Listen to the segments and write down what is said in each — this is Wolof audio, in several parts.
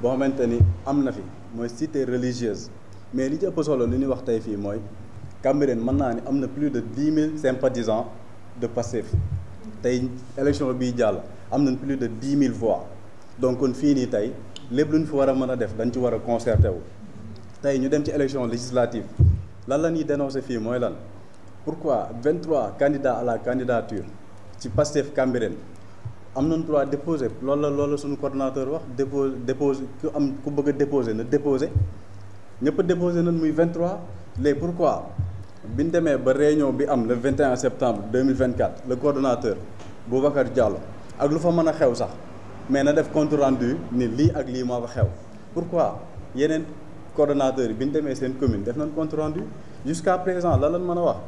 boo xamante ni am na fi mooy cité religieuse mais li ci solo li ñuy wax tey fii mooy Cambérène mën naa ni am na plus de dix mille sympathisants de Pastef tey élection bii jàll am nañ plus de dix mille voix donc kon fii nii tey lépp lu ñu fi war a mën a def dañu ci war a concerté wu tey ñu dem ci élection législative lan la ñuy dénoncé fii mooy lan pourquoi vingt-trois candidats à la candidature ci Pastef Cambérène am nañ droit déposé loolu la lool la suñu coordonnateur wax dépose dépose ku am ku bëgg déposé na déposé ñëpp a déposer nañ muy 23 léegi pourquoi bi ñu demee ba réunion bi am le 21 septembre la le coordonnateur Boubacar Diallo ak lu fa mën a xew sax mais na def compte rendu ni lii ak lii moo fa xew pourquoi yeneen coordonnateur yi bi ñu demee seen commune def nañ compte rendu jusqu'à présent la lan mën a wax.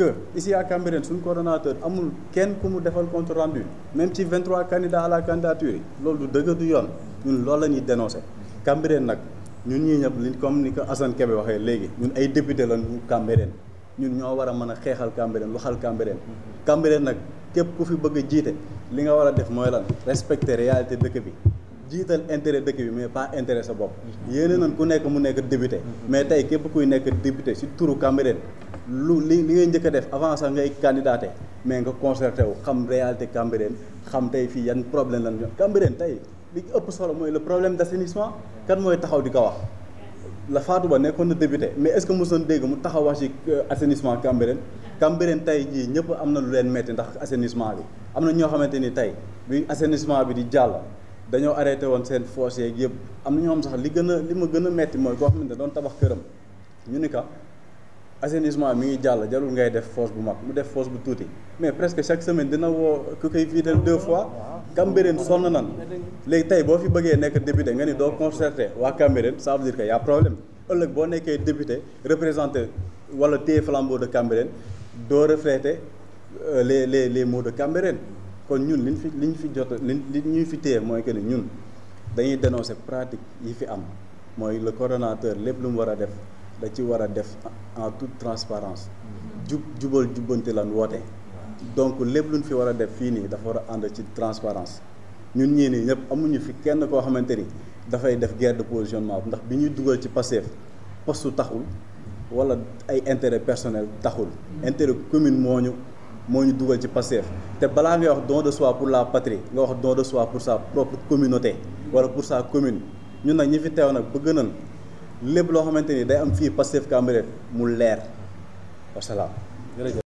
que ici à Cambérène suñu coordonnateur amul kenn ku mu defal compte rendu même ci 23 candidats à la candidature yi loolu du dëgg du yoon ñun loolu la ñuy dénoncé Cambérène nag ñun ñii ñëpp li comme ni ko Assane Kébé waxee léegi ñun ay député la ñu Cambérène ñun ñoo war a mën a xeexal Cambérène waxal Cambérène Cambérène nag képp ku fi bëgg a jiite li nga war a def mooy lan respecter réalité dëkk bi jiital intérêt dëkk bi mais pas intérêt sa bopp yéene nañ ku nekk mu nekk député mm-hmm. mais tey képp kuy nekk député si turu Cambérène lu li li ngay njëkk a def avant sax ngay candidaté mais nga concerté wu xam réalité Cambérène xam tey fii yan problème lan ñoom Cambérène tey li ëpp solo mooy le problème d'assainissement kan mooy taxaw di ko wax la Fatou Ba nekkoon na député mais est-ce que mos nañ dégg mu taxaw wax ci euh, assainissement Cambérène Cambérène tey jii ñëpp am na lu leen metti ndax assainissement bi am na ñoo xamante ni tey bi assainissement bi di jàll dañoo arrêté woon seen fossé yëpp am na ñoo xam sax li gën a li ma gën a metti mooy koo xamante ne doon tabax këram ñu ni ka assainissement mi ngi jàll jarul ngay def fosse bu mag mu def fosse bu tuuti mais presque chaque semaine dina woo ku koy vider deux fois Cambérène sonn nan léegi tey boo fi bëggee nekk député nga ni doo concerté waa Cambérène ça veut dire que y problème ëllëg boo nekkee député représenté wala téye flambo de Cambérène doo refléter euh, les les les mots de Cambérène kon ñun liñ fi li ñu fi jot li li ñuy fi téye mooy que ni ñun dañuy dénoncer pratique yi fi am mooy le coordonnateur lépp lu mu war a def da ci war a def en tout transparence jub jubal jubbante lan woote donc lép lu luñ fi war a def fii nii dafa war a ànd ci transparence ñun ñii nii ñëpp amuñu fi kenn koo xamante ni dafay def guerre de positionnement ndax bi ñuy dugal ci Pastef postu taxul wala ay intérêt personnel taxul intérêt commune moo ñu moo ñu dugal ci Pastef te balaa ngay wax don de soi pour la patrie nga wax don de soi pour sa propre communauté wala pour sa commune ñun nag ñi fi teew nag bëgg nañ lépp loo xamante ni day am fii Pastef Cambérène mu leer wasalaam jërëjëf